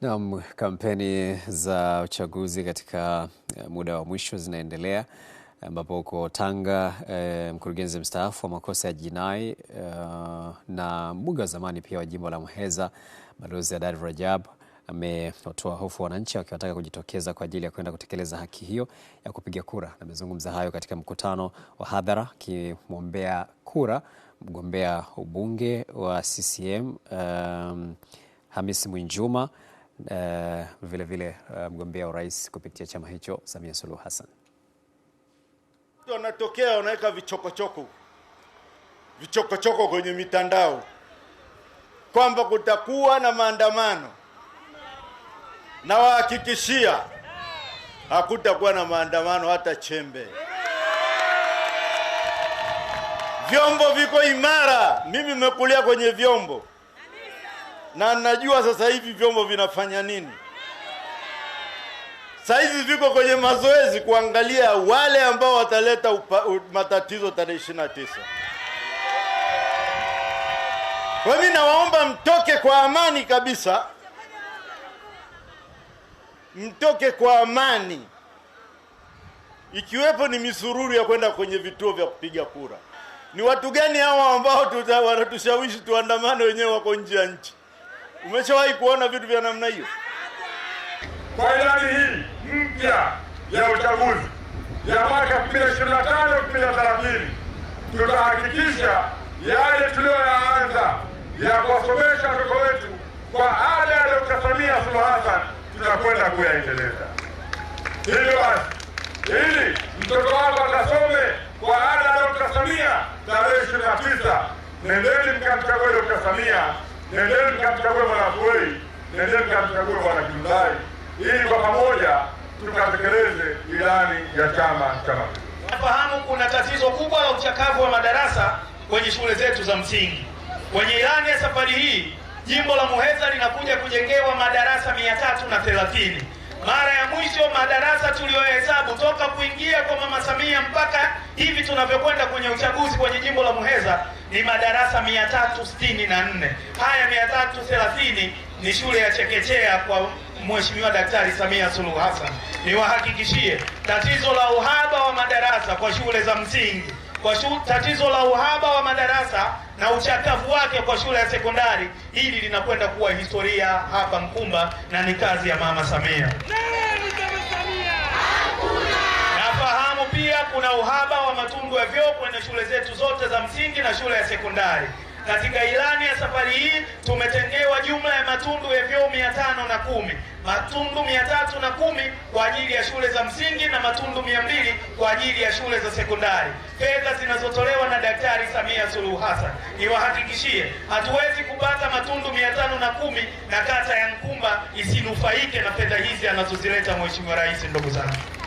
Naam, kampeni za uchaguzi katika eh, muda wa mwisho zinaendelea ambapo huko Tanga e, mkurugenzi mstaafu wa makosa ya jinai e, na mbunge wa zamani pia wa jimbo la Muheza Balozi Adad Rajab amewatoa hofu wananchi wakiwataka kujitokeza kwa ajili ya kwenda kutekeleza haki hiyo ya kupiga kura. Amezungumza hayo katika mkutano wa hadhara akimwombea kura mgombea ubunge wa CCM um, Hamisi Mwinjuma uh, vile vile uh, mgombea urais kupitia chama hicho Samia Suluhu Hassan. Wanatokea wanaweka vichokochoko vichokochoko kwenye mitandao kwamba kutakuwa na maandamano, na wahakikishia hakutakuwa na maandamano hata chembe. Vyombo viko imara. Mimi nimekulia kwenye vyombo na najua sasa hivi vyombo vinafanya nini. Sasa hivi viko kwenye mazoezi kuangalia wale ambao wataleta upa, u, matatizo tarehe 29. Kwa mimi nawaomba mtoke kwa amani kabisa, mtoke kwa amani, ikiwepo ni misururu ya kwenda kwenye vituo vya kupiga kura. Ni watu gani hawa ambao wanatushawishi tuandamane wenyewe wako nje ya nchi? Umeshawahi kuona vitu vya namna hiyo? Kwa ilani hii mpya ya uchaguzi ya mwaka 2025 2030 tutahakikisha yale tuliyoyaanza ya kuwasomesha watoto wetu kwa ada ya Dkt. Samia Suluhu Hassan tutakwenda kuyaendeleza. Hivyo basi, ili mtoto wako atasome kwa ada ya Dkt. Samia tarehe 29, nendeni mkamchague Dkt. Samia nendeni mkamchague Bwana kweli, nendeni mkamchague Bwana kindai, ili kwa pamoja tukatekeleze ilani ya Chama cha Mapinduzi. Nafahamu kuna tatizo kubwa la uchakavu wa madarasa kwenye shule zetu za msingi. Kwenye ilani ya safari hii jimbo la Muheza linakuja kujengewa madarasa mia tatu na thelathini. Mara ya mwisho madarasa tuliyohesabu toka kuingia kwa mama Samia mpaka hivi tunavyokwenda kwenye uchaguzi kwenye jimbo la Muheza ni madarasa 364. Haya 330 ni shule ya chekechea kwa Mheshimiwa Daktari Samia Suluhu Hassan. Niwahakikishie tatizo la uhaba wa madarasa kwa shule za msingi, kwa shu, tatizo la uhaba wa madarasa na uchakavu wake kwa shule ya sekondari, hili linakwenda kuwa historia hapa Mkumba na ni kazi ya Mama Samia. Nafahamu pia kuna uhaba wa matundu ya vyoo kwenye shule zetu zote za msingi na shule ya sekondari. Katika ilani ya safari hii tumetengewa jumla ya matundu tano na kumi matundu mia tatu na kumi kwa ajili ya shule za msingi na matundu mia mbili kwa ajili ya shule za sekondari. Fedha zinazotolewa na Daktari Samia Suluhu Hassan, niwahakikishie hatuwezi kupata matundu mia tano na kumi na kata ya Nkumba isinufaike na fedha hizi anazozileta Mheshimiwa Rais, ndugu zangu.